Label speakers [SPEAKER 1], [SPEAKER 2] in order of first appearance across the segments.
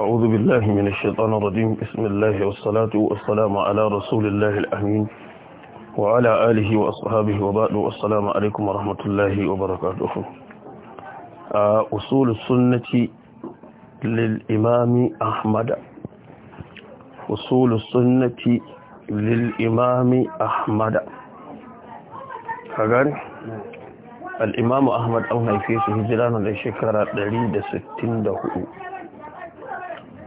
[SPEAKER 1] أعوذ بالله من الشيطان الرجيم بسم الله والصلاة والسلام على رسول الله الأمين وعلى آله وأصحابه وبعد والسلام عليكم ورحمة الله وبركاته آه، أصول السنة للإمام أحمد أصول السنة للإمام أحمد أغاني الإمام أحمد أو نيفيس هجران لشكرة دهو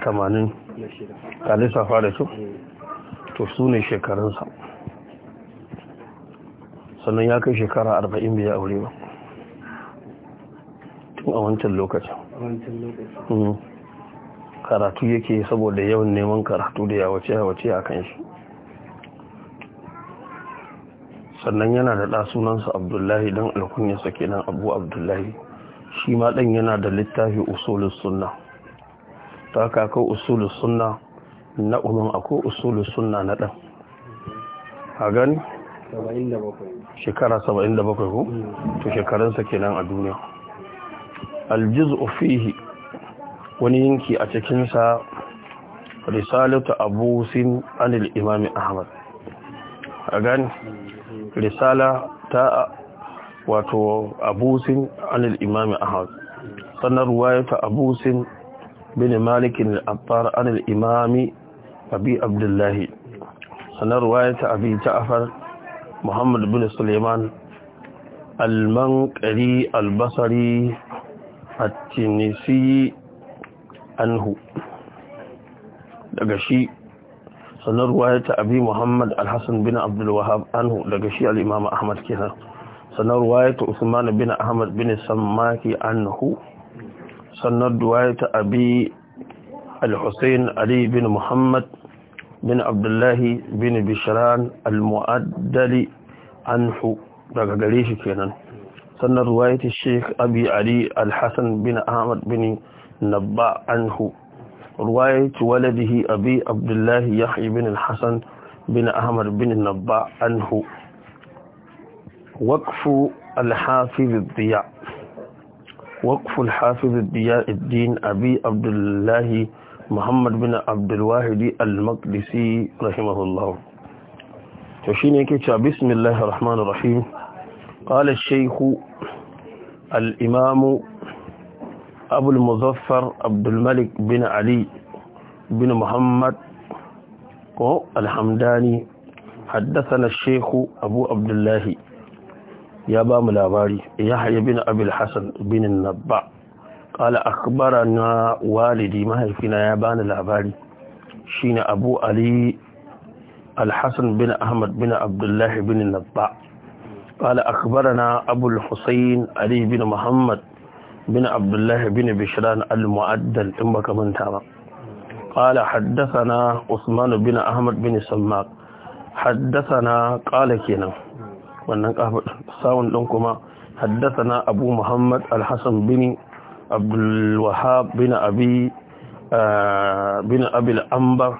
[SPEAKER 1] tamanin ka fara da su to su ne shekarunsa sannan ya kai shekara arba'in bai aure ba tun a wancan lokacin hmm. karatu yake saboda yawan neman karatu da yawace yawace a kan shi sannan yana da ɗa sunansa abdullahi don alkunyarsa kenan abu abdullahi shi ma ɗan yana da littafi usulun sunna ta haka akwai usulu suna na umar akwai usulu suna na ɗan a gani? shekara 77 ko? to shekarunsa kenan a duniya aljiz ofihi wani yanki a cikinsa risalatu abu sin anil imami ahmad a gani? risala ta wato abu sin anil imami ahmad sannan ta abu sin bin malikin al'abbar an al'imami abi abdullahi sanarwa ya ta'abi ta'afar muhammad bin Suleman? al-mankari al-basari a tinisi anhu daga shi sanarwa ya muhammad al-hassan bin abdullahab anhu daga shi al'imama ahmad kenan sanarwa ya ta usman bin ahmad bin sammaki anhu سند دوايت أبي الحسين علي بن محمد بن عبد الله بن بشران المؤدل عنه بغليش كينان سند دوايت الشيخ أبي علي الحسن بن أحمد بن نبع عنه رواية ولده أبي عبد الله يحيى بن الحسن بن أحمد بن نبع عنه وقف الحافظ الضياء وقف الحافظ الضياء الدين أبي عبد الله محمد بن عبد الواحد المقدسي رحمه الله تشيني كتا بسم الله الرحمن الرحيم قال الشيخ الإمام أبو المظفر عبد الملك بن علي بن محمد الحمداني حدثنا الشيخ أبو عبد الله ya ba mu labari yahya bin abul hasan bin nabba qala akhbarana walidi mahaifina ya bani labari shine abu ali al bin ahmad bin abdullahi bin nabba qala akhbarana abu al-husayn ali bin muhammad bin abdullahi bin bishran al-mu'addal in baka manta ba qala haddathana usman bin ahmad bin sammaq haddathana qala kenan wannan sawun ɗin kuma haddasa na abu muhammad alhassan bin abdulwahab bin abi eh, bin abil ambar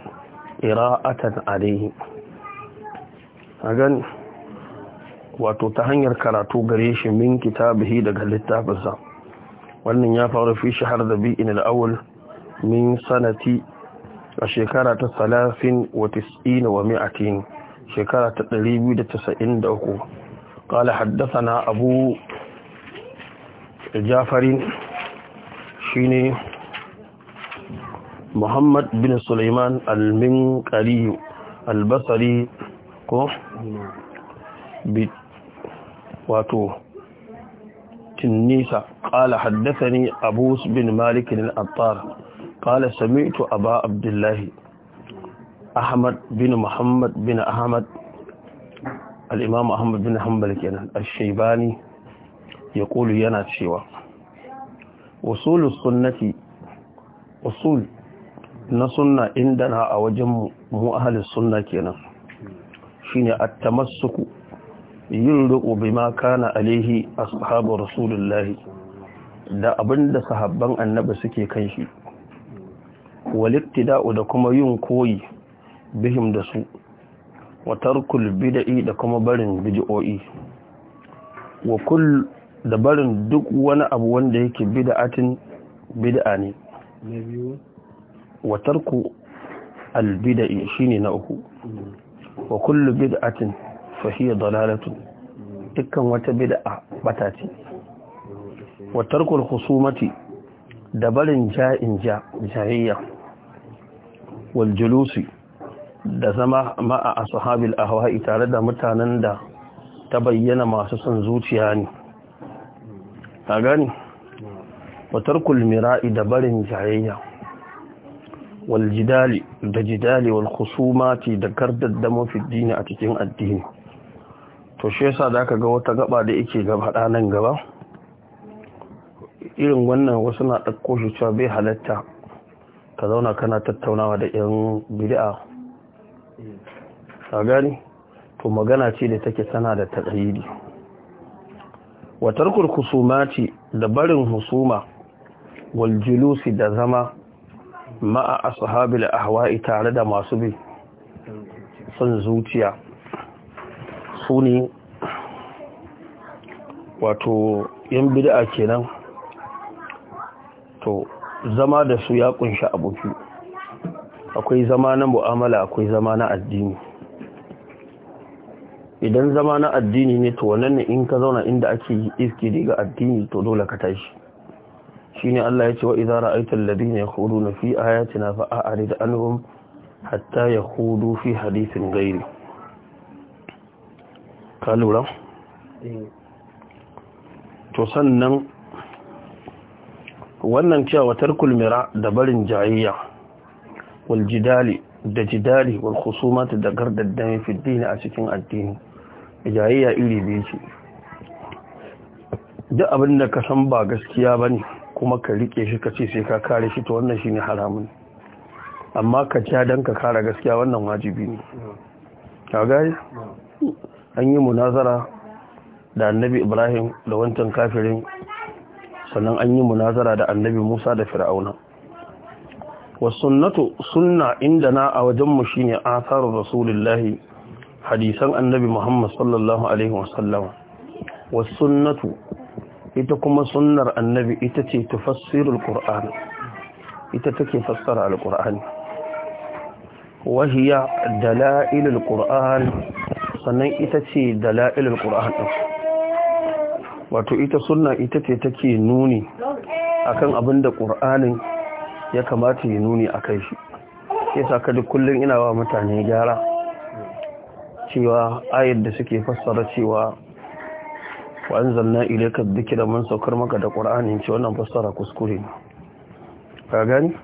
[SPEAKER 1] ira'atan alaihi a wato ta hanyar karatu gare shi min kitabihi daga littafinsa wannan ya faru fi shahar da bi'in al'awul min sanati a shekara ta salafin wa mi'atin shekara ta 293 قال حدثنا أبو جعفر شيني محمد بن سليمان المنقري البصري كو واتو النيسى قال حدثني أبوس بن مالك الأطار قال سمعت أبا عبد الله أحمد بن محمد بن أحمد al'imam ahmad bin hanbal kenan al-shaibani ya ƙulu yana cewa usulun sunnati usul na sunna inda na a wajen mu ahalin sunna kenan shine at-tamassuku yin riko bima kana alaihi ashabu rasulullahi da abinda sahabban annabi suke kan shi walittida'u da kuma yin koyi bihim da su wa tarkul bid'i da kuma barin bid'o'i wa kull da barin duk wani abu wanda yake bid'atin bid'a ne na biyu wa tarku al shine na uku wa kullu bid'atin fa hiya dalalatun dukkan wata bid'a bata ce wa tarkul khusumati da barin ja'in ja jayayya wal julusi da zama ma'a ashabil ahwa'i tare da mutanen da ta bayyana masu son zuciya ne a gani watar kulmira'i da barin jayayya waljidali da jidali wal khusumati da kardaddamo fi dini a cikin addini to shi yasa da aka ga wata gaba da yake gaba nan gaba irin wannan wasu na ɗakko shi cewa bai halatta ka zauna kana tattaunawa da 'yan bid'a a gani to magana ce da take tana da taqayidi wa tarkul ce da barin husuma waljulusi da zama ma'a ashabil ahwa'i tare da masu bi son zuciya suni wato yan bid'a kenan to zama da su ya kunshi abu akwai zama na mu'amala akwai zama na addini idan zama na addini ne to wannan ne in ka zauna inda ake iski daga addini to dole ka tashi shine Allah ya ce wa idza ya alladhina yakhuduna fi ayatina fa a'rid anhum hatta yakhudu fi hadithin ghairi ka lura to sannan wannan cewa tarkul mira da barin jayayya wal jidali da jidali wal khusumata da gardaddame fi dini a cikin addini jayayya iri biyu ce duk abin da ka san ba gaskiya bane kuma ka rike shi ka ce sai ka kare shi to wannan shine haramun amma ka ja dan ka kare gaskiya wannan wajibi ne ka gani an yi munazara da annabi Ibrahim da wancan kafirin sannan an yi munazara da annabi Musa da Fir'auna wa sunna inda na a wajenmu shine atharu rasulullahi hadisan annabi Muhammad sallallahu alaihi wasallam wa ita kuma sunnar annabi ita ce tufassirul qur'an ita take fassara al wa hiya dalailul qur'an sannan ita ce dalailul ɗin? wato ita sunna ita ce take nuni akan abin da qur'anin ya kamata ya nuni a kai shi ya saka duk kullum ina wa mutane gyara cewa ayar da suke fassara cewa wa'anzan na duki da mun saukar maka da ƙura'anin ce wannan fassara kuskure ne ka gani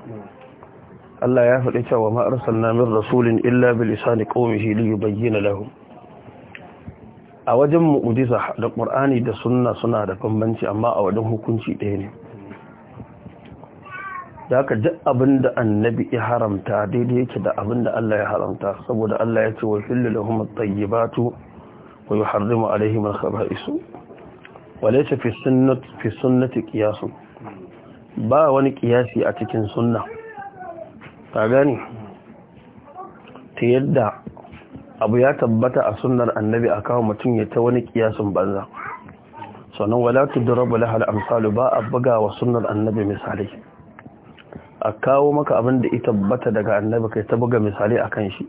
[SPEAKER 1] Allah ya faɗi cewa ma arsalna rasulun rasulin illa bil lisani qawmihi li yubayyana lahu a wajen Mu'ujiza, da ƙura'ani da sunna suna da bambanci amma a wajen hukunci ɗaya ne da aka ji abin annabi ya haramta daidai yake da abinda Allah ya haramta saboda Allah ya ce wa fillu lahum at-tayyibatu wa yuharrimu alaihim al-khaba'isu wa laysa wale ce fi sunnati kiyasu ba wani kiyasi a cikin sunna ta gani ta yadda abu ya tabbata a sunnar annabi a kawo mutum ya ta wani kiyasun banza sannan wala durabu lahal amsalu ba a buga wa sunnar annabi misali a kawo maka abin da ita bata daga annabi kai ta buga misali akan shi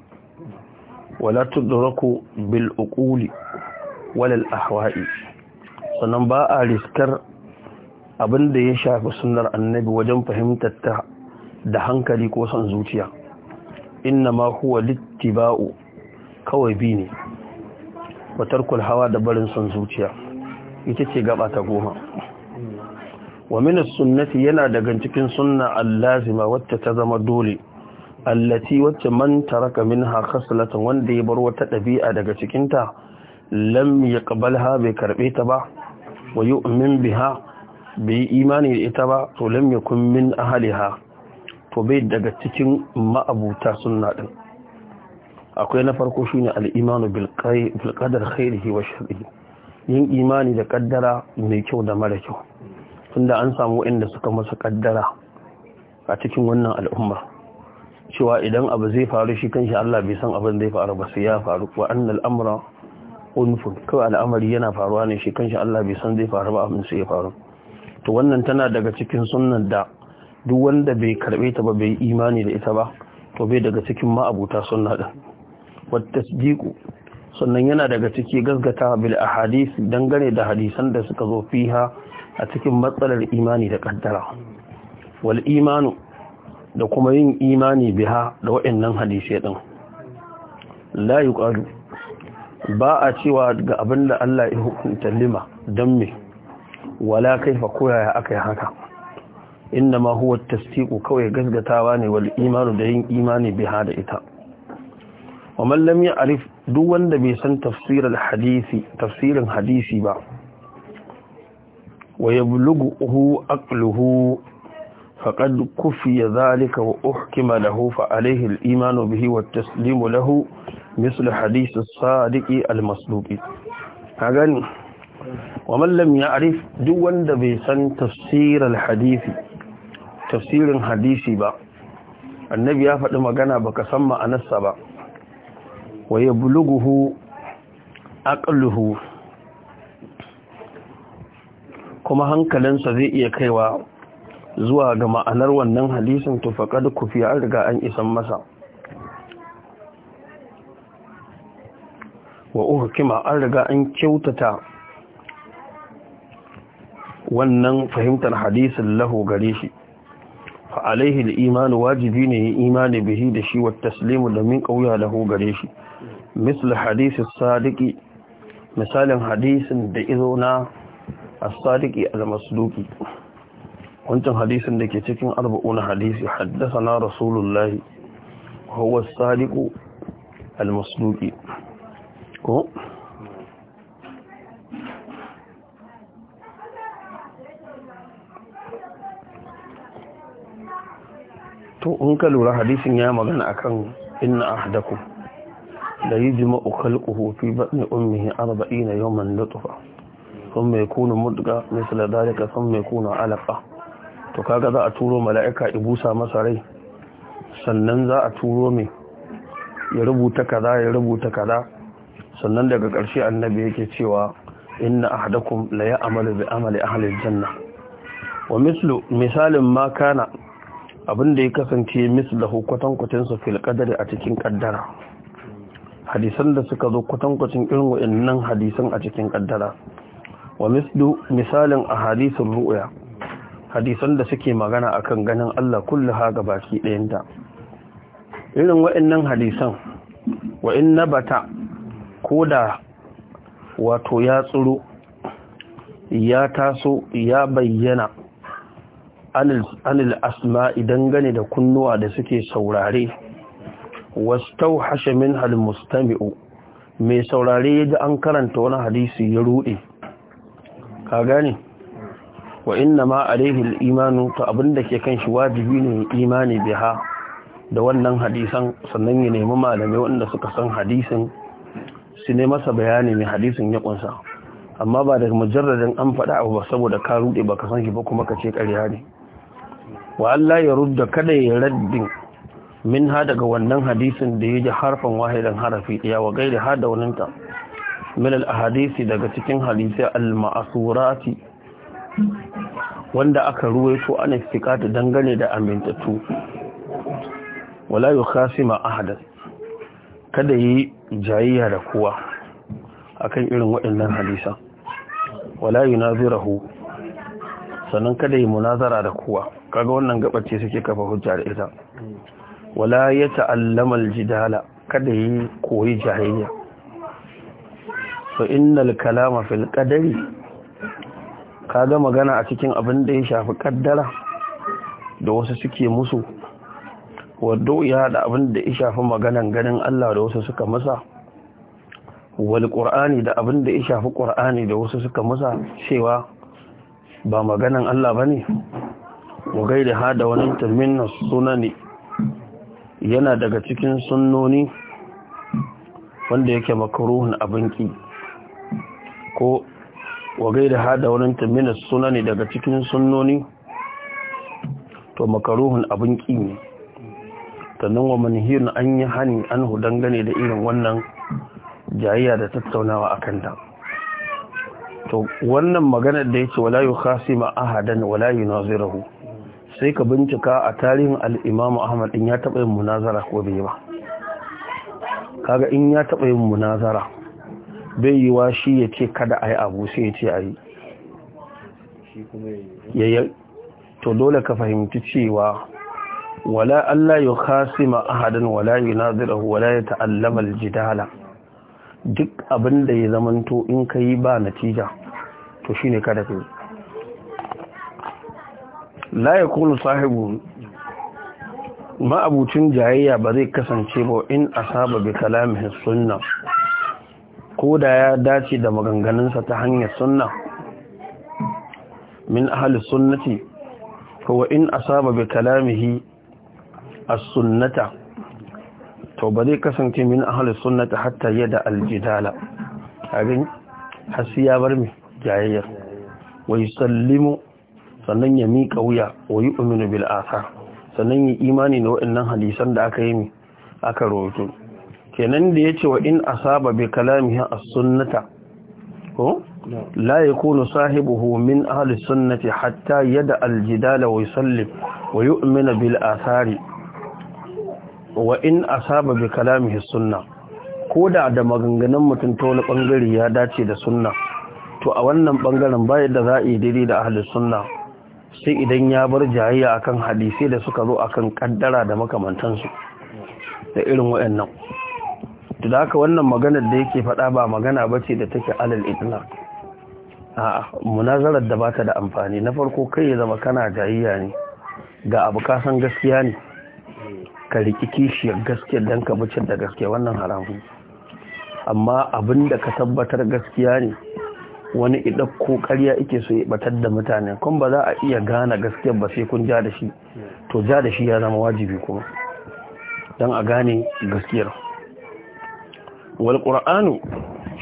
[SPEAKER 1] wala tudraku bil uquli wal ahwa'i sannan ba a riskar abin da ya shafi sunnar annabi wajen fahimtar ta da hankali ko son zuciya inna ma huwa littiba'u kawai bi ne wa tarkul hawa da barin son zuciya ita ce gaba ta goma wa min sunnati yana daga cikin sunna allazima wacce ta zama dole allati wacce man taraka minha khaslatan wanda ya bar wata dabi'a daga cikin ta lam yaqbalha bai karbe ta ba wa yu'min biha bai imani da ita ba to lam yakun min ahliha to bai daga cikin ma'abuta sunna din akwai na farko shine al-imanu bil qadar khairihi wa sharrihi yin imani da kaddara mai kyau da mara kyau tunda an samu inda suka masa kaddara a cikin wannan al'umma cewa idan abu zai faru shi kanshi Allah bai san abin zai faru ba sai ya faru wa annal amra unfun kawai al'amari yana faruwa ne shi kanshi Allah bai san zai faru ba abin sai ya faru to wannan tana daga cikin sunnan da duk wanda bai karbe ta ba bai imani da ita ba to bai daga cikin ma'abuta sunna da wa tasdiqu sannan yana daga ciki gaskata bil ahadith dangane da hadisan da suka zo fiha a cikin matsalar imani da kaddara wal imanu da kuma yin imani biha da waɗannan hadisai din la yuqalu ba a cewa ga abin da Allah ya hukunta lima dan me wala kaifa koyaya akai haka inna ma huwa tasdiqu kawai gasgatawa ne wal imanu da yin imani biha da ita wa man lam ya'rif duk wanda bai san tafsirin hadisi tafsirin hadisi ba Waya wa hu aqluhu faqad kufiya dhalika wa uhkima lahu fa alayhi iman bihi wa at-taslim lahu misl hadith as-sadiqi al-masduqi kagan wa man lam duk wanda bai san tafsir hadisi tafsirin hadisi ba annabi ya faɗi magana baka san ma'anarsa ba wa yablughu aqluhu kuma hankalinsa zai iya kaiwa zuwa ga ma'anar wannan hadisin to da kufiya a riga an isan masa wa uhkima an riga an kyautata wannan fahimtar hadisin lahu gare shi fa alaihi imanu wajibi ne yi imani bihi da shi wa taslimu da min kauya lahu gare shi misali hadisin sadiki misalin hadisin da izo na as-sadiqi al wancan hadisin da ke cikin arba'una hadisi haddasana rasulullah huwa as-sadiqu al-masduqi ko to in ka lura hadisin ya magana akan inna ahdakum la yujma'u khalquhu fi batni na 40 yawman nutfa ثم يكون مدغة مثل ذلك ثم يكون علقة to kaga za a turo mala'ika ibusa masa rai sannan za a turo mai ya rubuta kaza ya rubuta kaza sannan daga ƙarshe annabi yake cewa inna ahadakum la ya'malu bi amali ahli aljanna wa mislu misalin ma kana abinda ya kasance mislahu kwatankwacin su fil qadari a cikin kaddara hadisan da suka zo kwatankwacin irin wa'annan hadisan a cikin kaddara wa mislu misalin a hadisun ru'ya hadisan da suke magana akan ganin Allah kullu ha baki ɗayanta irin wa'annan hadisan wa bata ko koda wato ya tsuru ya taso ya bayyana anil asma idan gane da kunnuwa da suke saurare tau hashe min mustami'u mai saurare ya ji an karanta wani hadisi ya rude ka gane wa inna ma alaihi imanu to abinda ke kan shi wajibi ne imani biha da wannan hadisan sannan ya nemi malamai wanda suka san hadisin su ne masa bayani mai hadisin ya kunsa amma ba da mujarradin an faɗa abu ba saboda ka rude ba ka san shi ba kuma ka ce ƙarya ne wa Allah ya rudda kada ya raddin min ha daga wannan hadisin da ya ji harfan wahidan harafi ɗaya wa gairi ha da ta من الاحاديث ahadisi daga cikin hadisi al ma'surati wanda aka ruwaito an istiqata dangane da amintatu wala yukhasima ahadan kada yi jayayya da kowa akan irin waɗannan hadisa wala yunazirahu sannan kada yi munazara da kowa kaga wannan gabace suke kafa hujja da ita wala ya jidala kada yi koyi jahiliya fa innal kalama fil qadari ga magana a cikin abin da ya shafi kaddara da wasu suke musu wadda ya da abin da ya shafi maganan ganin Allah da wasu suka masa wal qur'ani da abin da ya shafi qur'ani da wasu suka masa cewa ba maganan Allah bane wa gaida hada wani tarminna sunani yana daga cikin sunnoni wanda yake makruhun abin ki ko wa gaida hada wurin tamina suna ne daga cikin sunnoni to makaruhun abin ƙi ne wa manihirin an yi hani an dangane da irin wannan jayayya da tattaunawa a da. to wannan maganar da ya ce wala yi khasima ahadan wala yi nazirahu sai ka bincika a tarihin al'imamu ahmad in ya taɓa yin munazara ko bai ba kaga in ya taɓa yin munazara bai yi wa shi ya ce kada a yi abu sai ya ce a yi to dole ka fahimci cewa wala Allah ya kasima ahadan wala yi nazirahu wala ya ta'allama aljidala duk abin da ya zamanto in ka yi ba natija to shi ne kada ka yi sahibu ma'abucin jayayya ba zai kasance ba in asaba bi kalamin sunna ko da ya dace da maganganunsa ta hanyar sunna min ahli sunnati huwa in asaba bi kalamihi as-sunnata to ba zai kasance min ahli sunnata hatta yadda al aljidala abin ya bar mi jayayyar wai sallimu sannan ya miƙa wuya wa yi bil athar sannan ya imani da waɗannan hadisan da aka yi mi aka rubutu. kenan da ya ce wa in asaba bi kalamihi as-sunnata ko la yakunu sahibuhu min ahli sunnati hatta yada al-jidala wa yusallim wa yu'mina bil athari wa in asaba bi kalamihi sunna koda da maganganun mutum ta wani bangare ya dace da sunna to a wannan bangaren bayan da za a yi daidai da ahli sunna sai idan ya bar jayayya akan hadisi da suka zo akan kaddara da makamantansu da irin waɗannan to da haka wannan maganar da yake faɗa ba magana ba ce da take alal itlaq a munazarar da bata da amfani na farko kai ya zama kana jayayya ne ga abu ka san gaskiya ne ka riki kishiyar gaskiyar don ka bucin da gaskiya wannan haramu amma abin da ka tabbatar gaskiya ne wani idan ko ƙarya ike so ya batar da mutane kun ba za a iya gane gaskiyar ba sai kun ja da shi to ja da shi ya zama wajibi kuma don a gane gaskiyar wal qur'anu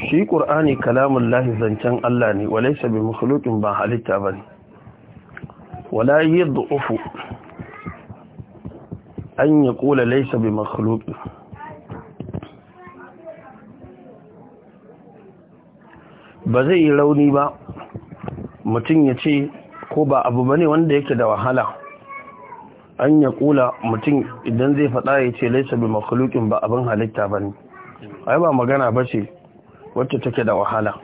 [SPEAKER 1] shi qur'ani kalamun lahi zancen Allah ne walaysa bi makhluqin ba halitta bane wala yadhufu an yaqula laysa bi makhluqin ba zai yi rauni ba mutum ya ce ko ba abu ba ne wanda yake da wahala an ya kula mutum idan zai faɗa ya ce laisa bi makhluqin ba abin halitta ba ne ai ba magana ba ce wacce take da wahala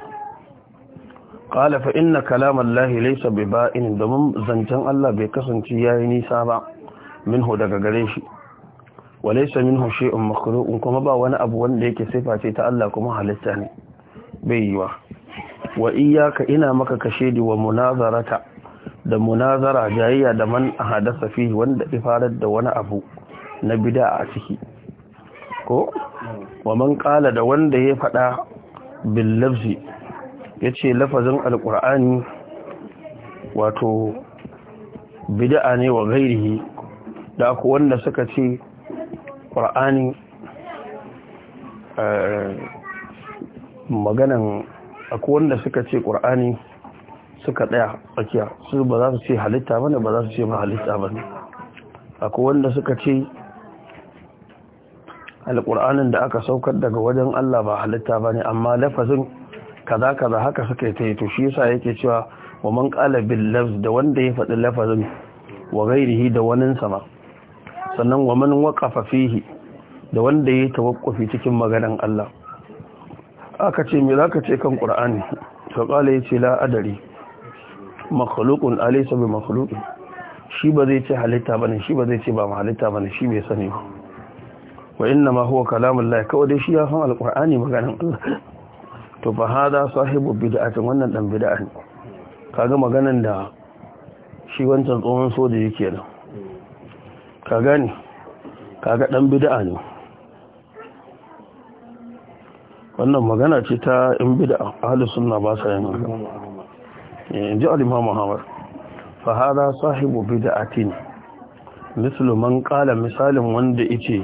[SPEAKER 1] qala fa inna kalamallahi laysa biba'in domin zancen Allah bai kasance yayi nisa ba minhu daga gare shi walaysa minhu shay'un makhluqun kuma ba wani abu wanda yake sifa ce ta Allah kuma halitta ne bai yiwa wa iyyaka ina maka kashedi wa munazarata da munazara jayayya da man ahadasa fihi wanda ifarar da wani abu na bid'a a ciki ko wa man qala da wanda ya fada bil lafzi yace lafazin alqur'ani wato bid'a ne wa gairihi da ku wanda suka ce qur'ani eh, maganan akwai wanda suka ce ƙur'ani suka daya tsakiya su ba za su ce halitta bane ba za su ce ba halitta bane akwai wanda suka ce alƙur'anin da aka saukar daga wajen Allah ba halitta ba ne amma lafazin kaza kaza haka suka yi ta yi to shi yasa yake cewa wa man qala bil lafz da wanda ya faɗi lafazin wa ghairihi da wanin sama sannan wa man waqafa fihi da wanda ya tawaqqufi cikin maganan Allah aka ce me zaka ce kan qur'ani to qala yace la adari makhluqun alaysa bi makhluqin shi ba zai ce halitta bane shi ba zai ce ba halitta bane shi bai sani ba wa inna ma huwa lahi kawai dai shi ya san alqur'ani maganan Allah to fa hada sahibu bid'atin wannan dan bid'a ne kaga maganan da shi wancan tsohon soja yake nan ka gani kaga dan bid'a ne wannan magana ce ta in bid'a ahli sunna ba sa yin haka eh, in ji al-imam Muhammad fa hada sahibu bid'atin mislu man qala misalin wanda yace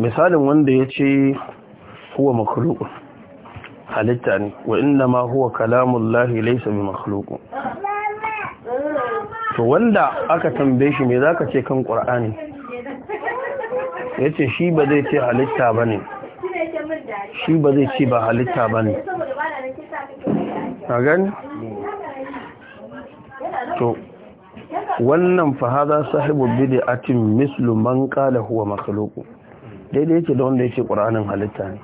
[SPEAKER 1] misalin wanda ya ce huwa makhluku halitta ne wa inda ma huwa lahi laisa mai makhluku to wanda aka tambaye shi me zaka ce kan ya
[SPEAKER 2] yace shi ba zai ce halitta bane shi ba zai ce ba halitta bane a gani to
[SPEAKER 1] wannan fa sahibu bide atin mislu man kala huwa makhluku daidai yake da wanda yake ƙuranin halitta ne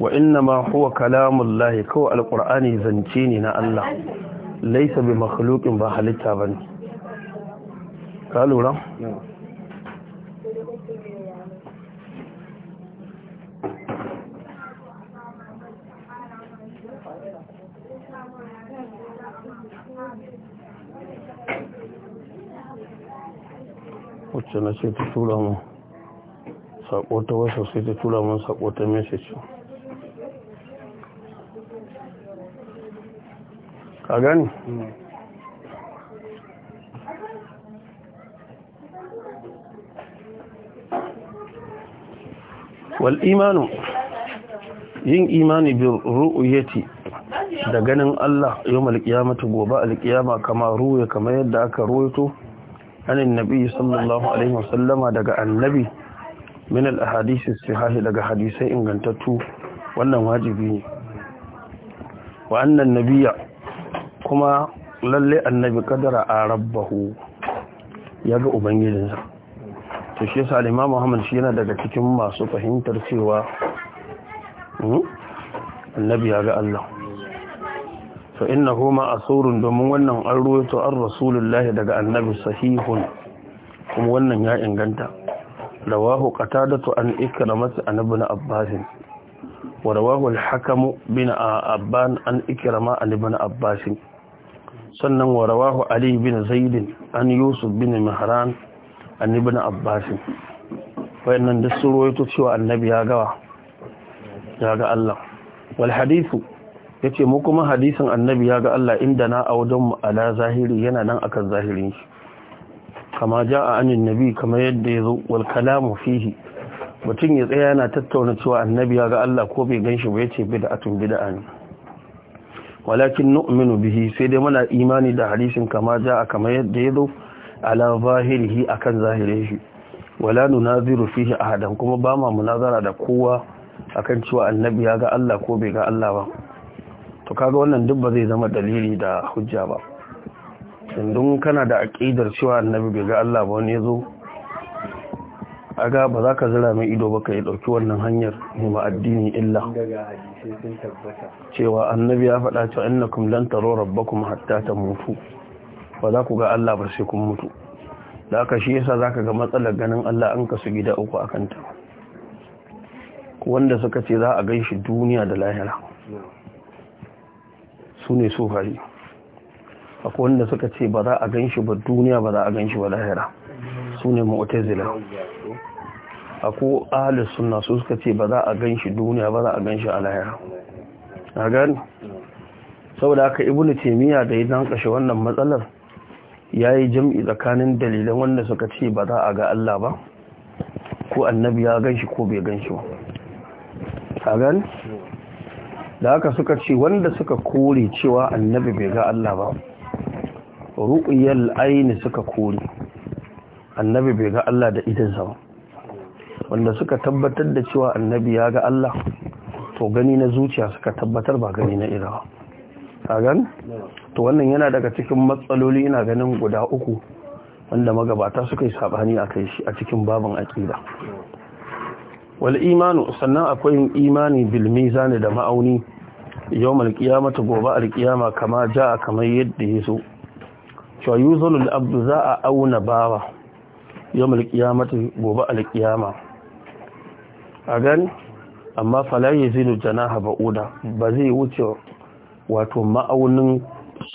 [SPEAKER 1] wa inna ma huwa kalamun lahi kawai alƙur'ani zance ne na Allah laisa bi makhluqin ba halitta bane ka lura sannan sai ta tura mu sako ta wasu sai ta tura mu sako ta message ka gani
[SPEAKER 2] wal imanu yin imani
[SPEAKER 1] bi ru'yati da ganin Allah yau qiyamati gobe alqiyama kama ruwe kamar yadda aka to عن النبي صلى daga عليه وسلم دغا النبي من الاحاديث الصحيحه دغا حديثه wannan wajibi ne wa annan kuma lallai annabi kadara a rabbahu ya ga ubangijinsa to shi yasa imam muhammad shi yana daga cikin masu fahimtar cewa annabi ya ga allah to innahu asurun domin wannan an ruwaito an rasulullahi daga annabi sahihun kuma wannan ya inganta rawahu qatadatu an ikramat an ibn abbas wa rawahu al-hakamu bin abban an ikrama an ibn abbas sannan wa rawahu ali bin zaid an yusuf bin mahran an ibn abbas wayannan da sun cewa annabi ya gawa ya ga Allah wal hadithu ya ce mu kuma hadisin annabi ya ga Allah inda na a wajen ala zahiri yana nan akan zahirin shi kama ja a anin nabi kama yadda ya zo wal kalamu fihi mutum ya tsaya yana tattauna cewa annabi ya ga Allah ko bai gan shi ba ya ce bida'atun walakin nu'minu bihi sai dai muna imani da hadisin kama ja a kama yadda ya zo ala zahirihi akan zahirin shi wala nunaziru fihi ahadan kuma ba ma munazara da kowa akan cewa annabi ya ga Allah ko bai ga Allah ba to kaga wannan duk ba zai zama dalili da hujja ba indun kana da aƙidar cewa annabi bai ga Allah ba wani yazo aga ba za ka zira mai ido ba ka yi ɗauki wannan hanyar ma addini illa cewa annabi ya faɗa cewa innakum lan taro rabbakum hatta ta mutu ba za ku ga Allah ba sai kun mutu da aka shi yasa za ka ga matsalar ganin Allah an kasu gida uku a kanta wanda suka ce za a shi duniya da lahira su ne sufayi akwai wanda suka ce ba za a gan shi ba duniya ba za a gan shi ba lahira su ne mu'tazila akwai ahalus suna su suka ce ba za a gan shi duniya ba za a gan shi a lahira a gani saboda haka ibnu temiya da ya kashe wannan matsalar ya yi jam'i tsakanin dalilan wanda suka ce ba za a ga Allah ba ko annabi ya gan shi ko bai gan shi ba a gani da haka suka ce wanda suka kore cewa annabi bai ga Allah ba ru'yal aini suka kore annabi bai ga Allah da idan sa wanda suka tabbatar da cewa annabi ya ga Allah to gani na zuciya suka tabbatar ba gani na ira ka gan to wannan yana daga cikin matsaloli ina ganin guda uku wanda magabata suka yi sabani a kai shi a cikin babin aƙida wal imanu sannan akwai imani bil mizani da ma'auni yawmal qiyamati gobe al qiyama kama jaa kamar yadda yaso cewa al abdu za a auna bawa yawmal qiyamati gobe al qiyama a gani amma fala yazilu janaha ba'uda ba zai wuce wato ma'aunin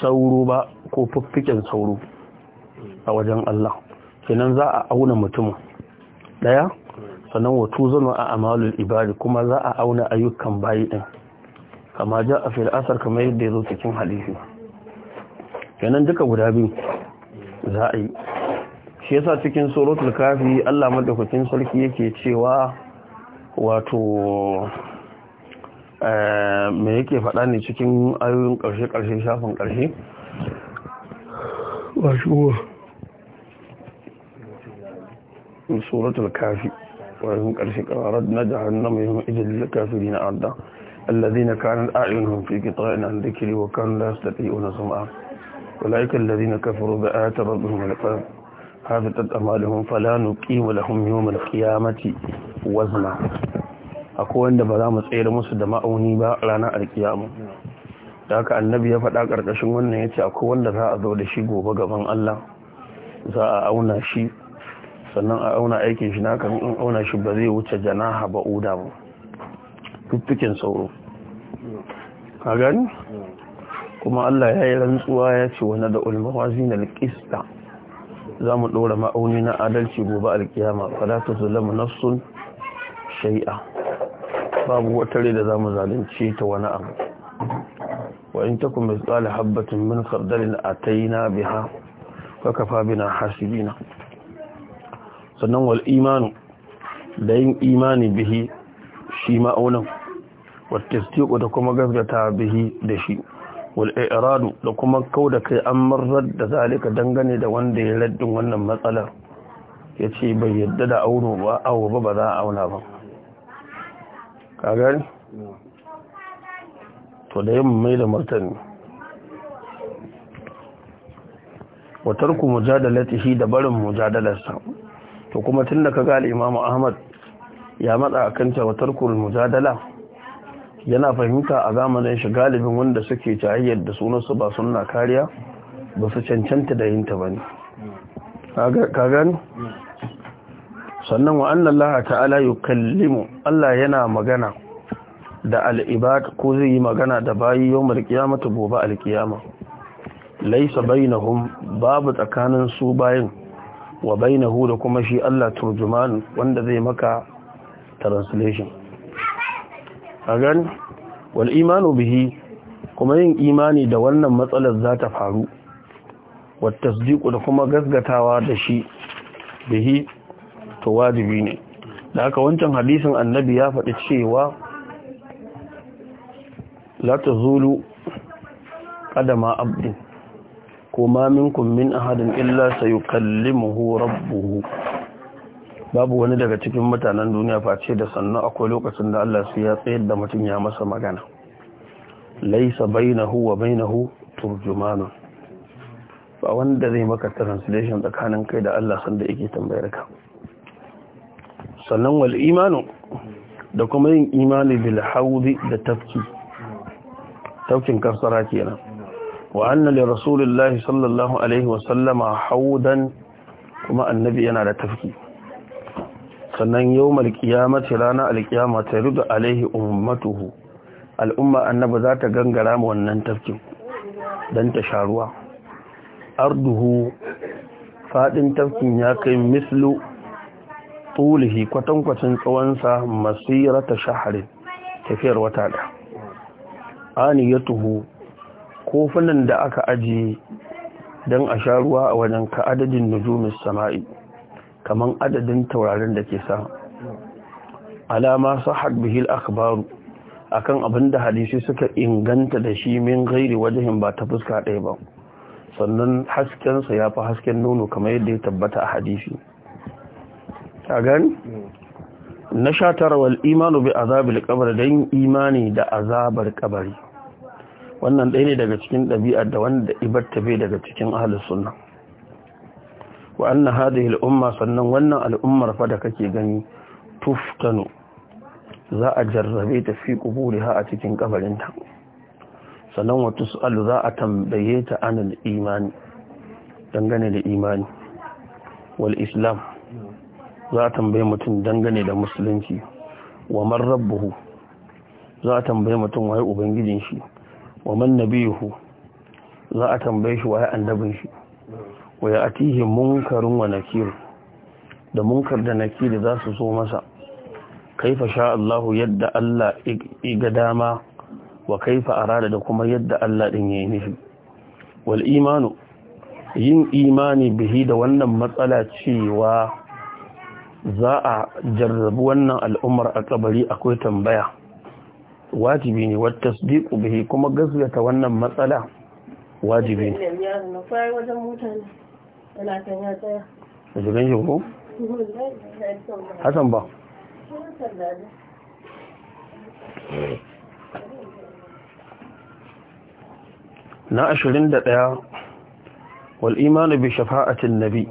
[SPEAKER 1] sauro ba ko fuffiken sauro a wajen Allah kenan za a auna mutum daya sannan wa tuzanu a amalul ibadi kuma za a auna ayyukan bayi din kama ja a fil asar kamar yadda ya zo cikin hadisi kenan duka guda biyu za a yi shi yasa cikin suratul kafi Allah madaukakin sarki yake cewa wato eh, me yake faɗa ne cikin ayoyin ƙarshe-ƙarshe shafin ƙarshe washuwa suratul kafi ومن كرشك وردنا جهنم يومئذ للكافرين أعدا الذين كانت أعينهم في قطاع عن ذكري وكانوا لا يستطيعون سمعا أولئك الذين كفروا بآيات ربهم لقد حافظت أمالهم فلا نقيم لهم يوم القيامة وزنا akwai wanda ba za mu tsere musu da ma'auni ba ranar alkiyama da haka annabi ya faɗa ƙarƙashin wannan ya ce akwai wanda za a zo da shi gobe gaban Allah za a auna shi sannan a auna aikin shi naka in auna shi ba zai wuce janaha ba uda ba tuttukin sauro a gani kuma Allah ya yi rantsuwa ya ce wani da ulmawazi na alƙista za mu ɗora ma'auni na adalci gobe alkiyama fada ta zulamu nafsun shai'a babu wata da za mu zalunce ta wani abu wa in ta kuma tsali habbatin min sardarin a ta yi na biha kwa kafa bina hasibina sannan wal imanu da yin imani bihi shi ma'aunin wattasdiqu da kuma gaskata bihi da shi wal i'radu da kuma kauda kai an marar da zalika dangane da wanda ya raddin wannan matsalar ya ce bai yadda da auro ba awo ba ba za a auna ba to da yin mai da martani wa tarku shi da barin mujadalarsa to kuma tun da ka ga al'imamu ahmad ya matsa a kan tawatarkul mujadala yana fahimta a zamanin shi galibin wanda suke tahiyyar da sunansu ba suna kariya ba su cancanta da yinta ba ne sannan wa allah ta'ala yi kallimu allah yana magana da al'ibad ko zai yi magana da bayi yau ta gobe alkiyama laisa bainahum babu tsakanin su bayan wa bainahu da kuma shi Allah turjuman wanda zai maka translation a wal imanu bihi kuma yin imani da wannan matsalar za ta faru wata tasdiqu da kuma gasgatawa da shi bihi to wajibi ne da haka wancan hadisin annabi ya faɗi cewa la ta zulu ƙadama abdin kuma minkum min ahadin illa sayukallimuhu rabbuhu babu wani daga cikin mutanen duniya face da sannan akwai lokacin da Allah su ya tsayar da mutum ya masa magana laisa bainahu wa bainahu turjuman ba wanda zai maka translation tsakanin kai da Allah sanda yake tambayar ka sannan wal imanu da kuma yin imani bil haudi da tafki tafkin kafsara kenan وأن لرسول الله صلى الله عليه وسلم حودا كما النبي أنا لا sannan yau malkiyamata rana alkiyama rudu alaihi ummatuhu al'umma annaba za ta gangara ma wannan tafkin don ta sharuwa arduhu fadin tafkin ya kai mislu tulihi kwatankwacin tsawonsa masira ta shaharin tafiyar wata da aniyatuhu kofunan da aka ajiye don a sha ruwa a wajen ka adadin nujumin sama'i kamar adadin taurarin da ke sa, alama sahad bihil akbaru akan abin da hadisi suka inganta da shi min gairi wajen ba ta fuska ɗaya ba sannan haskensa ya fi hasken nono kamar yadda ya tabbata a hadisi a gani na sha tara wal imanu bi azabar kabari don imani da azabar kabari wannan ɗaya ne daga cikin ɗabi'ar da wanda ibar tafe daga cikin ahalus sunna wa anna hadhihi al-umma sannan wannan al'ummar fa da kake gani tuftanu za a jarrabe ta fi quburiha a cikin kabarinta sannan wa tusalu za a tambaye ta anil imani dangane da imani wal islam za a tambaye mutum dangane da musulunci wa man rabbuhu za a tambaye mutum waye ubangijin shi wa man nabiyuhu za a tambaye shi waye annabin shi wa ya atihi munkarun wa nakir da munkar da nakir za su zo masa kaifa sha Allahu yadda Allah iga dama wa kaifa arada da kuma yadda Allah din yayi nufi wal imanu yin imani bihi da wannan matsala cewa za a jarrabu wannan al'ummar a kabari akwai tambaya wajibi ne wata tasdiku bihi kuma gaskata wannan matsala wajibi ne ba na ashirin da ɗaya wal imanu bi shafa'atin nabi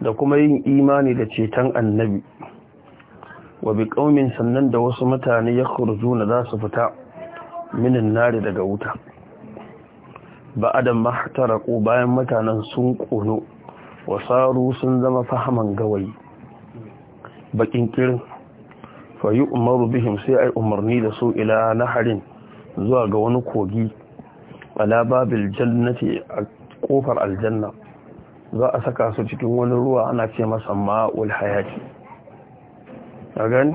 [SPEAKER 1] da kuma yin imani da ceton annabi wa bi qaumin sannan da wasu mutane ya na za su fita minin nari daga wuta ba adam taraku bayan mutanen sun kono wasaru sun zama fahaman gawayi bakin kirin fa yi umaru bihim sai ai umarni da su ila naharin zuwa ga wani kogi ala babil jannati a kofar aljanna za a saka su cikin wani ruwa ana ce masa ma'ul hayati a gani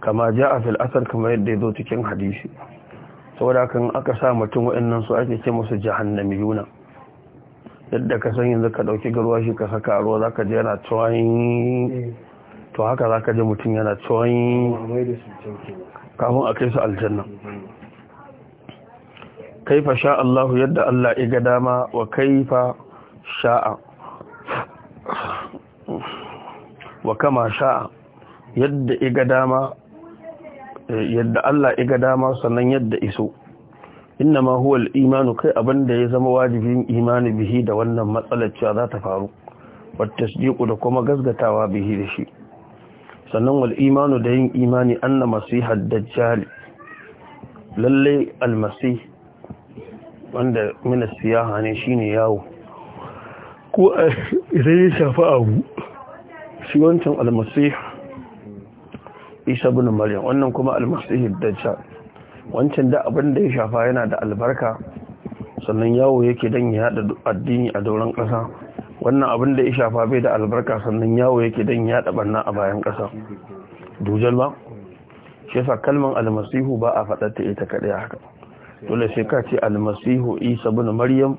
[SPEAKER 1] kama ja a fil asar kama yadda ya zo cikin hadisi saboda kan aka sa mutum waɗannan su ake ce musu jahannami yuna yadda ka san yanzu ka ɗauki garuwa shi ka saka a ruwa za ka je yana to haka za ka je mutum yana tuwayin kamun a kai su aljanna kaifa sha Allah yadda Allah ya ga dama wa kaifa sha'a wa kama sha'a yadda iga dama yadda Allah iga dama sannan yadda iso inna ma huwa al-imanu kai abinda ya zama wajibin imani bihi da wannan matsalar cewa za ta faru wat tasdiqu da kuma gasgatawa bihi da shi sannan wal imanu da yin imani anna masiha dajjal lalle al-masih wanda mina siyaha ne shine yawo ko idan ya shafa abu shi wancan al-masih isa bin maryam wannan kuma almasihi dajjal wancan da abin da ya shafa yana da albarka sannan yawo yake dan ya hada addini a dauran kasa wannan abin da ya shafa bai da albarka sannan yawo yake dan ya hada barna a bayan kasa dujal ba shi sa kalman almasihu ba a faɗa ta ita kadai haka dole sai ka ce almasihu isa bin maryam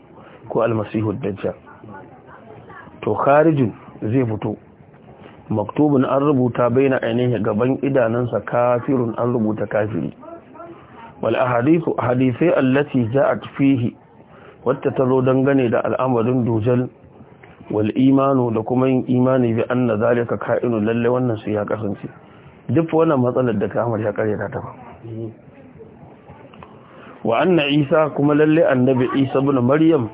[SPEAKER 1] ko almasihu dajjal to kharijin zai fito maktubin an rubuta baina ainihi gaban idanunsa kafirun an rubuta kafiri wal ahadithu hadithai allati ja'at fihi wata taro dangane da al'amarin dujal wal imanu da kuma yin imani bi anna zalika ka'inu lalle wannan su ya kasance duk wannan matsalar da kamar ya kare ta ba wa anna isa kuma lalle annabi isa ibn maryam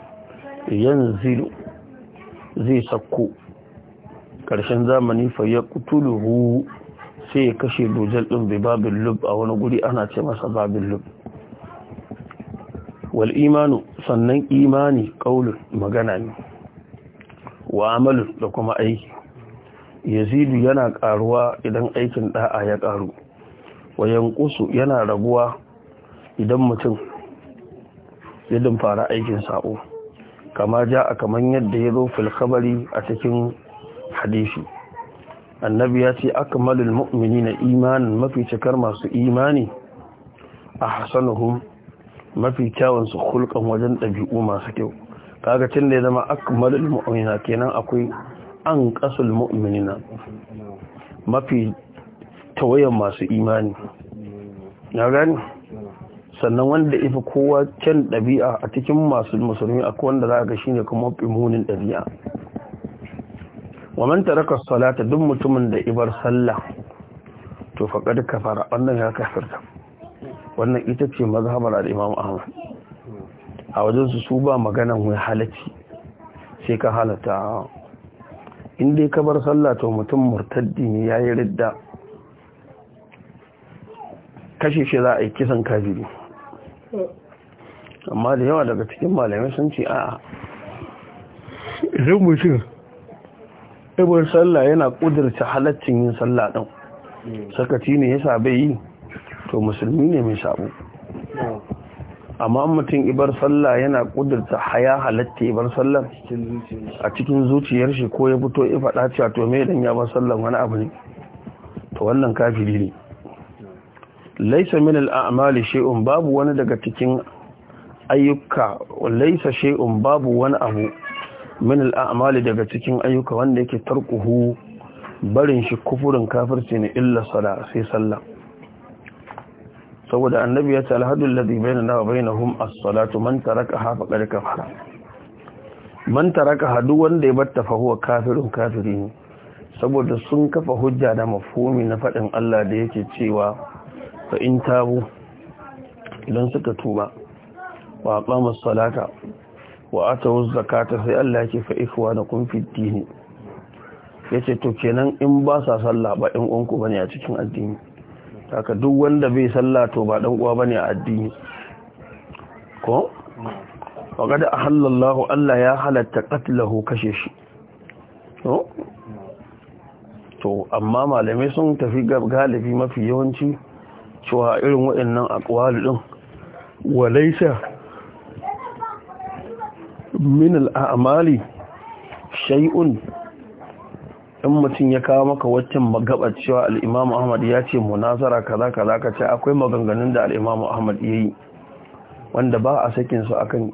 [SPEAKER 1] yanzilu zai sakko ƙarshen zamani fayyar kutuluhu sai ya kashe dujal ɗin bai babin lub a wani guri ana ce masa babin lub wal imanu sannan imani ƙaunin magana ne wa amalin da kuma aiki yazidu yana ƙaruwa idan aikin ɗa'a ya ƙaru wayan ƙusu yana raguwa idan mutum ya fara aikin sa'o kama ja a kamar yadda ya zo filkabari a cikin hadisi annabi ya ce akmalul mu'minina imanin mafi cikar masu imani a mafi kyawun su hulkan wajen ɗabi'u masu kyau kaga tun da ya zama akmalul mu'minina kenan akwai an kasul mu'minina mafi tawayan masu imani na gani sannan wanda ifi kowa can ɗabi'a a cikin masu musulmi akwai wanda za a ga shine kuma mafi munin ɗabi'a wa man taraka salata duk mutumin da ibar sallah to faqad kafara wannan ya kafirta wannan ita ce mazhabar al-Imam Ahmad a wajen su ba maganan wai halacci sai ka halata in dai ka bar sallah to mutum murtaddi ne yayi ridda kashe shi za a yi kisan kafiri amma da yawa daga cikin malamai sun ce a'a idan mutum ibn sallah yana kudurta halaccin yin sallah ɗan hmm. sakaci ne yasa sabe yi to musulmi ne mai sabo hmm. amma mutum ibar sallah yana kudurta haya halatta ibar sallah a cikin zuciyar shi ko ya fito ya faɗa cewa to mai dan ya bar sallah wani abu ne to wannan kafiri ne hmm. laisa min al'amali shay'un babu wani daga cikin ayyuka laisa shay'un babu wani abu min al'amali daga cikin ayyuka wanda yake tarkuhu barin shi kufurin kafirci ne illa sala sai sallah saboda annabi ya ce alhadul ladhi bai na hum as-salatu man tarakaha faqad kafara man tarakaha duk wanda ya batta fa kafirin kafiri ne saboda sun kafa hujja da mafhumi na fadin Allah da yake cewa fa tabu idan suka tuba wa aqamu as-salata wa wuz zakata sai Allah yake fa na fid ya yace to kenan in ba sa sallah ba ɗan uwanku bane a cikin addini haka duk wanda bai sallah to ba dan uwa bane a addini ko wa a ahallallahu Allah ya halatta qatlahu kashe shi to amma malamai sun tafi galibi mafi yawanci cewa irin waɗannan aqwalu din walaysa min al'amali shai'un in mutum ya kawo maka waccan magabar cewa al'imamu ahmad ya ce munazara kaza kaza ka ce akwai maganganun da al'imamu ahmad ya yi wanda ba a sakin su akan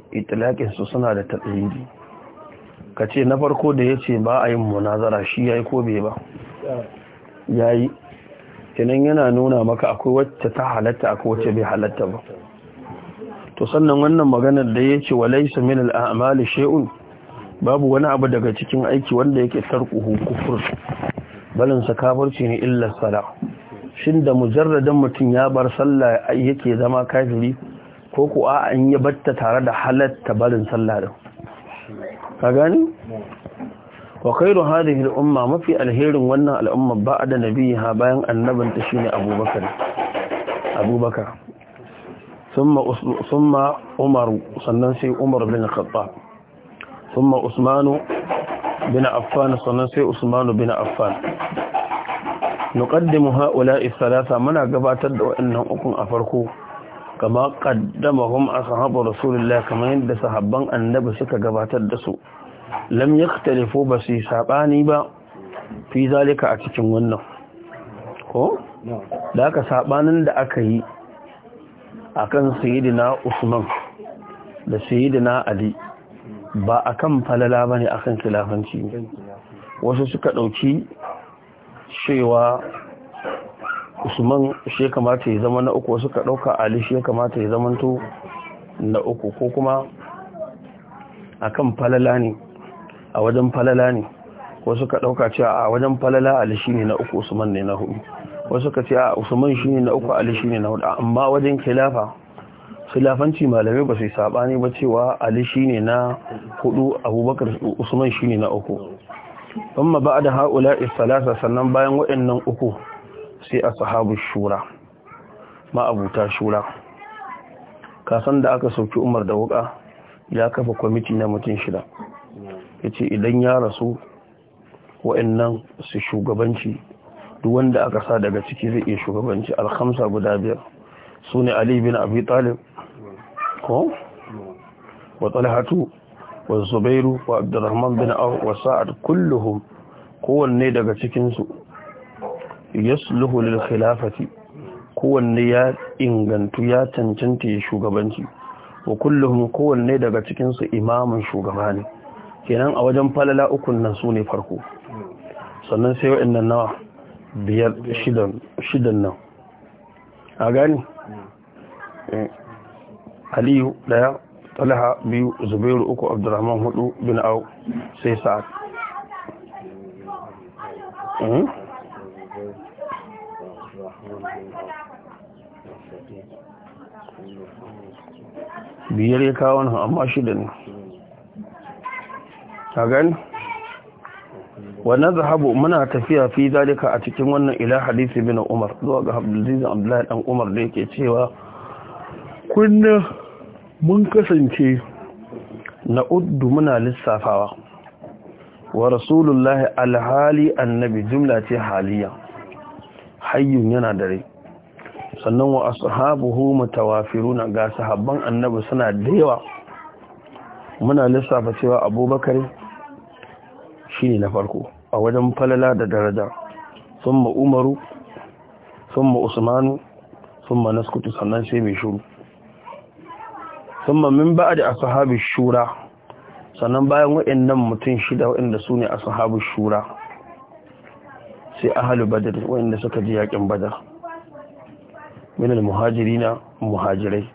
[SPEAKER 1] su suna da taɗayi ka ce na farko da ya ce ba a yin munazara shi ya yi ko bai ba ya yi kinan yana nuna maka akwai wacce ta halatta akwai wacce bai halatta ba to sannan wannan maganar da ya ce walaisa min al'amali shay'un babu wani abu daga cikin aiki wanda yake tarkuhu kufur balin sakabarci ne illar sala shin da mujarradan mutum ya bar sallah yake zama kafiri ko kuwa a an yi batta tare da halatta barin sallah da ka gani wa khairu hadhihi al-umma mafi alherin wannan al'umma ba'da ha, bayan annabanta shine abubakar abubakar ثم عمر صنن سي عمر بن الخطاب ثم عثمان بن عفان صنن سي عثمان بن عفان نقدم هؤلاء الثلاثه منا غباتر da waɗannan ukun a farko kama qaddamhum ashabu kamar yadda yanda sahabban annabi suka gabatar da su lam yakhtalifu basi sabani ba fi zalika a cikin wannan ko da aka sabanin da aka yi akan sayyidina Usman da sayyidina Ali ba akan falala bane akan khilafanci wasu suka dauki cewa Usman shi kamata ya zama na uku wasu ka dauka Ali shi kamata ya zama to na uku ko kuma akan falala ne a wajen falala ne wasu ka dauka cewa a wajen falala Ali shine na uku Usman ne na hudu wasu ka ce a usman shine na uku ali shine na hudu amma wajen khilafa khilafanci malamai ba su sabani ba cewa ali shine na hudu abubakar usman shine na uku amma ba da haula isalasa sannan bayan waɗannan uku sai a sahabu shura ma'abuta shura kasan da aka sauki umar da wuka ya kafa kwamiti na mutum shida ya ce idan ya rasu wa'annan su shugabanci duk wanda aka sa daga ciki zai iya shugabanci alhamsa guda biyar su ne ali bin abu talib ko wa talhatu wa zubairu wa abdurrahman bin awu wa sa'ad kulluhum kowanne daga cikinsu yasluhu lil khilafati kowanne ya ingantu ya cancanta ya shugabanci wa kullum kowanne daga cikinsu imamun shugaba ne kenan a wajen falala ukun nan su ne farko sannan sai nan nawa biyar shidan nan a gani eh. aliyu daya talaha biyu zubairu uku abdurrahman hudu bin au sai sa'ad hmm? biyar ya kawo nan amma shidan nan a gani wa zahabu muna tafiya fi zalika a cikin wannan ila hadisi bin Umar zuwa ga Abdulaziz Abdullahi dan Umar da yake cewa kunna mun kasance na uddu muna lissafawa wa rasulullahi alhali annabi jumla ce haliya hayyun yana dare sannan wa ashabuhu mutawafiruna ga sahabban annabi suna da yawa muna lissafa cewa abubakar shine na farko a wajen falala da daraja ma umaru sun ma usmanu sun ma naskutu sannan sai mai shuru sun ma min ba'd ashabi shura sannan bayan waɗannan mutum shida waɗanda su ne ashabu shura sai ahalu badar waɗanda suka ji yakin badar min na muhajirai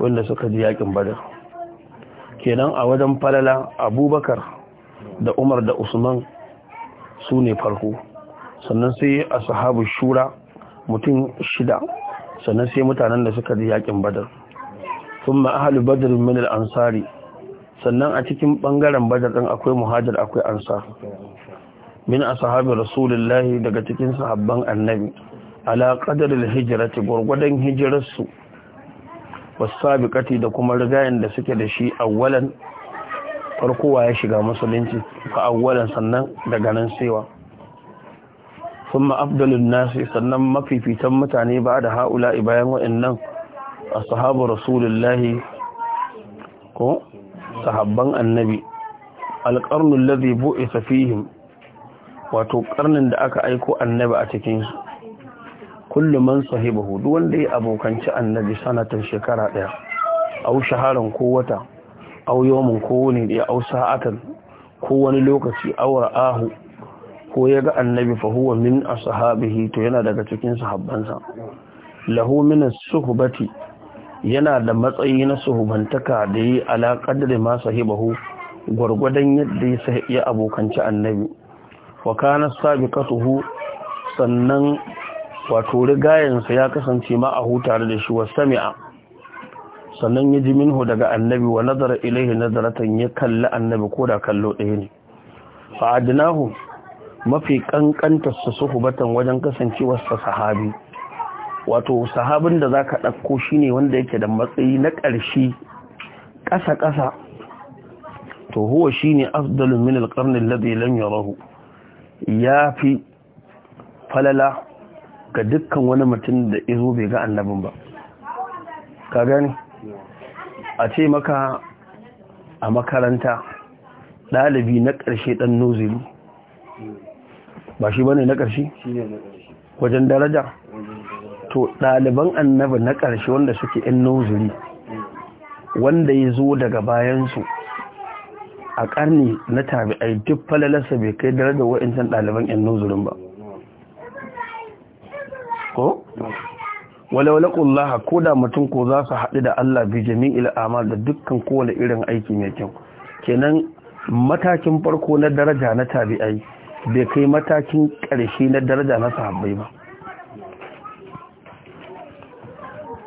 [SPEAKER 1] waɗanda suka ji yakin badar kenan a wajen falala abubakar da umar da usman su ne farko sannan sai a sahabu shura mutum shida sannan sai mutanen da suka ji yakin badar sun ma'ahalu badar min ansari sannan a cikin bangaren badar ɗin akwai muhajar akwai ansa. min ashabi rasulullahi daga cikin sahabban annabi ala hijirati gwargwadon hijirarsu wasu sabi da kuma rigayen da suke da shi awwalan farko wa ya shiga musulunci fa awwalan sannan daga nan sewa kuma afdalun nasi sannan mafifitan mutane ba da haula bayan wa'annan ashabu rasulullahi ko sahabban annabi alqarnul ladhi bu'itha fihim wato karnin da aka aiko annabi a cikin su kullu man sahibahu duk wanda ya abokanci annabi sanatan shekara daya au shaharan ko wata auyomin yawmin ko wani da au sa'atan ko wani lokaci awar ahu ko ya ga annabi fa huwa min ashabihi to yana daga cikin sahabbansa lahu min suhbati yana da matsayi na suhbantaka da yi ala da ma sahibahu gwargwadon yadda ya abokanci annabi wa kana sabiqatuhu sannan wato rigayensa ya kasance ma a tare da shi wa sami'a sannan ya ji minhu daga annabi wa nazara ilaihi nazaratan ya kalli annabi ko da kallo ɗaya ne fa adnahu mafi kankanta su suhubatan wajen kasancewar sa sahabi wato sahabin da zaka dauko shine wanda yake da matsayi na ƙarshe ƙasa ƙasa to huwa shine afdalu min alqarn alladhi lam yarahu fi falala ga dukkan wani mutum da izo bai ga annabin ba ka gani a ce maka a makaranta ɗalibi na ƙarshe ɗan nozili ba shi bane na ƙarshe wajen daraja to ɗaliban annabi na ƙarshe wanda suke ɗan nozili mm. wanda ya zo daga bayansu a ƙarni na tabi'ai duk falalarsa bai kai daraja waɗancan ɗaliban ɗan nozirin ba mm. ko? Mm. walau laqullaha ko da mutum ko za su haɗu da Allah bi jami'il amal da dukkan kowane irin aiki mai kyau kenan matakin farko na daraja na tabi'ai bai kai matakin ƙarshe na daraja na sahabbai ba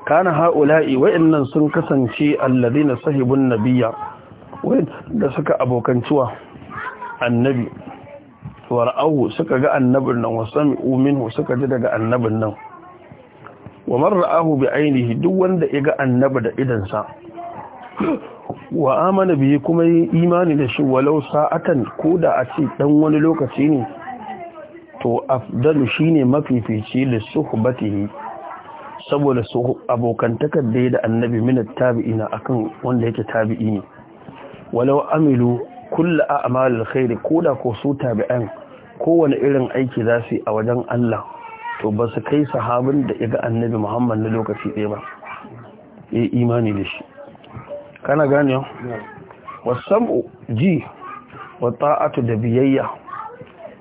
[SPEAKER 1] kana ha'ula'i wa'annan sun kasance na sahibun nabiyya da suka abokancuwa annabi ra'ahu suka ga annabin nan wasu minhu suka ji daga annabin nan wa marra'ahu bi ainihi duk wanda ya ga annaba da idansa wa amana bihi kuma imani da shi walau sa'atan ko da a ce dan wani lokaci ne to afdalu shine mafifici li suhbatihi saboda su abokantakar da da annabi min tabi'ina akan wanda yake tabi'i ne walau amilu kullu a'malil khairi da ko su tabi'an kowane irin aiki za yi a wajen Allah to ba su kai sahabin da ya ga annabi muhammad na lokaci ɗaya ba ya imani da shi kana gane wasan ji wa ta'atu da biyayya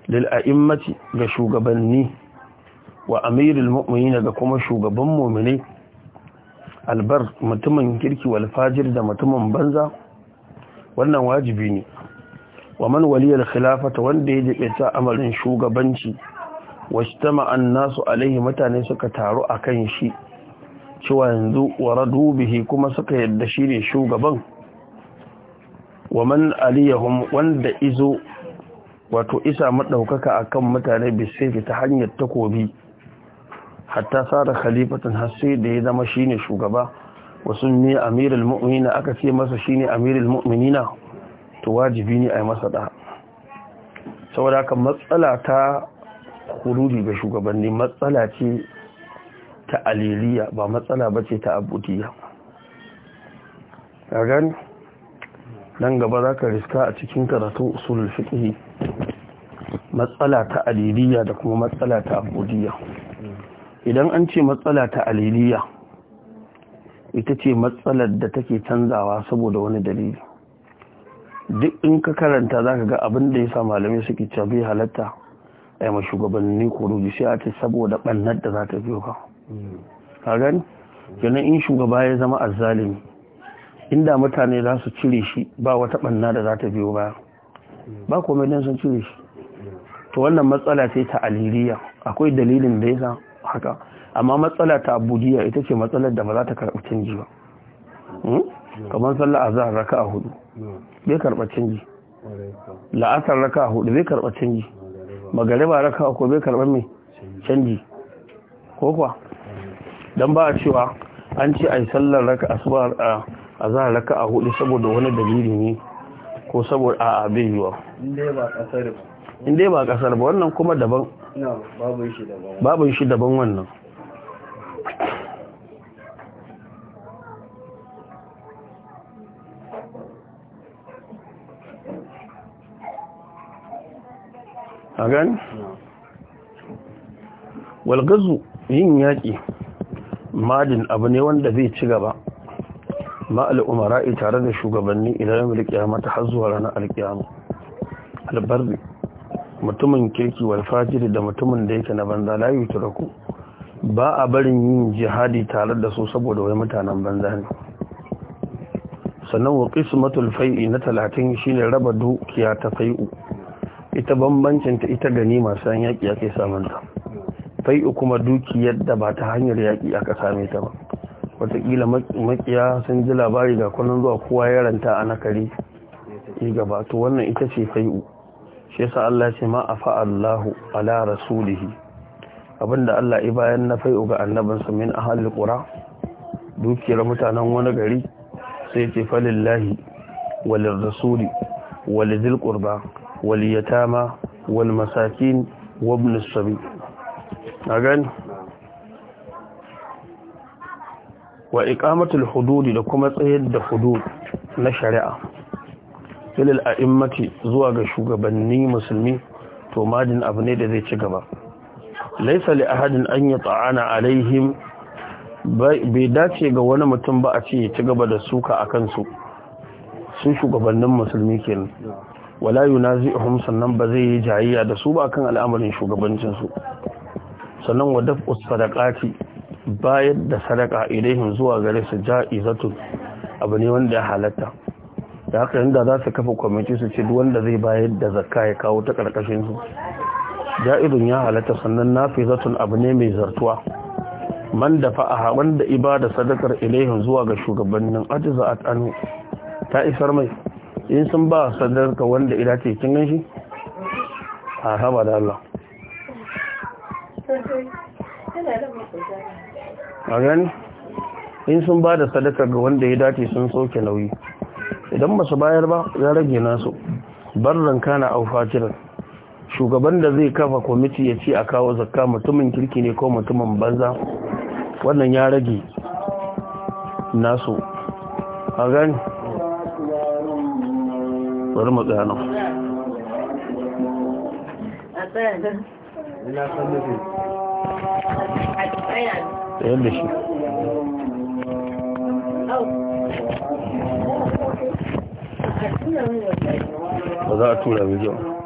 [SPEAKER 1] lil'a'immati ga shugabanni wa amirul mu'minin ga kuma shugaban mu'minai albar mutumin kirki wal fajir da mutumin banza wannan wajibi ne wa man waliyar khilafata wanda ya jiɓe ta amalin shugabanci wajtama annasu alaihi mutane suka taru akan shi cewa yanzu waradu bihi kuma suka yadda shi ne shugaban wa man aliyahum wanda izo wato isa madaukaka akan mutane bisayfi ta hanyar takobi hatta sara khalifatan har sai da ya zama shine shugaba wasu ne amirul mu'minina aka ce masa shine amirul mu'minina to wajibi ne a yi masa da saboda haka matsala ta kuruji ga shugabanni matsala ce ta aliliya ba matsala ba ce ta abudiya a gani nan gaba za ka riska a cikin karatu usulul fiƙi matsala ta aliliya da kuma matsala ta abudiya idan an ce matsala ta aliliya ita ce matsalar da take canzawa saboda wani dalili duk in ka karanta za ka ga abin da ya sa malamai suke cabi halatta ai ma shugabanni kuruji sai a ce saboda bannar da za ta biyo ka ka gani kenan in shugaba ya zama azzalimi inda mutane za su cire shi ba wata ɓanna da za ta biyo ba ba komai don sun cire shi to wannan matsala sai ta aliriya akwai dalilin da ya haka amma matsala ta abudiya ita ce matsalar da ba za ta karɓi canji ba hmm? kamar sallah a zahar raka a hudu bai karɓa canji la'asar raka a hudu bai karɓa canji ba raka ko bai karban mai canji ko kuwa don ba a cewa an ce a yi sallar raka a suba a za a raka a hudu saboda wani dalili ne ko saboda a abin wa in dai ba kasar ba wannan kuma daban babu shi daban wannan a gani walgazu yin yaƙi madin abu ne wanda zai ci gaba ma'al umara'i tare da shugabanni idan alƙiyama ta har zuwa ranar alƙiyama albarri mutumin kirki walfajiri da mutumin da yake na banza layu turaku ba a barin yin jihadi tare da su saboda wai mutanen banza ne sannan wa qismatul fai'i na talatin shine raba dukiya ta fai'u ita bambancin ta ita gani masu yan yaƙi ake samun ta fai kuma dukiyar da ba ta hanyar yaƙi aka same ta ba wataƙila makiya sun ji labari ga kwanan zuwa kowa ya ranta a nakari Ya gaba wannan ita ce fai'u shi yasa Allah ce ma afa Allahu ala rasulihi abinda Allah i bayan na fai'u ga annabinsa min ahalil qura dukiyar mutanen wani gari sai ce falillahi rasuli walidil qurba waliyatama wal masakin wabn sabi a gani wa ikamatul hududi da kuma tsayar da hudud na shari'a filil a'immati zuwa ga shugabanni musulmi to madin abu ne da zai ci gaba laisali li ahadin an yi ta'ana alaihim bai dace ga wani mutum ba a ce ya ci gaba da suka a kansu sun shugabannin musulmi kenan wala yunazi'uhum sannan ba zai yi jayayya da su ba kan al'amarin shugabancin su sannan wa sadakaci sadaqati bayar da sadaka ilaihim zuwa gare su ja'izatu abu ne wanda ya halatta da haka yanda za su kafa kwamiti su ce duk wanda zai bayar da zakka ya kawo ta karkashin su ja'izun ya halatta sannan nafizatun abu ne mai zartuwa man da fa'aha da ibada sadakar ilaihin zuwa ga shugabannin a an ta isar mai in sun ba sadarka wanda ila ce kin ganshi a haba da Allah a gani in sun ba da sadaka ga wanda ya dace sun soke nauyi idan masu bayar ba ya rage nasu barran kana au fajiran shugaban da zai kafa kwamiti ya ce a kawo zakka mutumin kirki ne ko mutumin banza wannan ya rage nasu a gani
[SPEAKER 2] bari mu tsaya nan tsayar ba za a tura bidiyon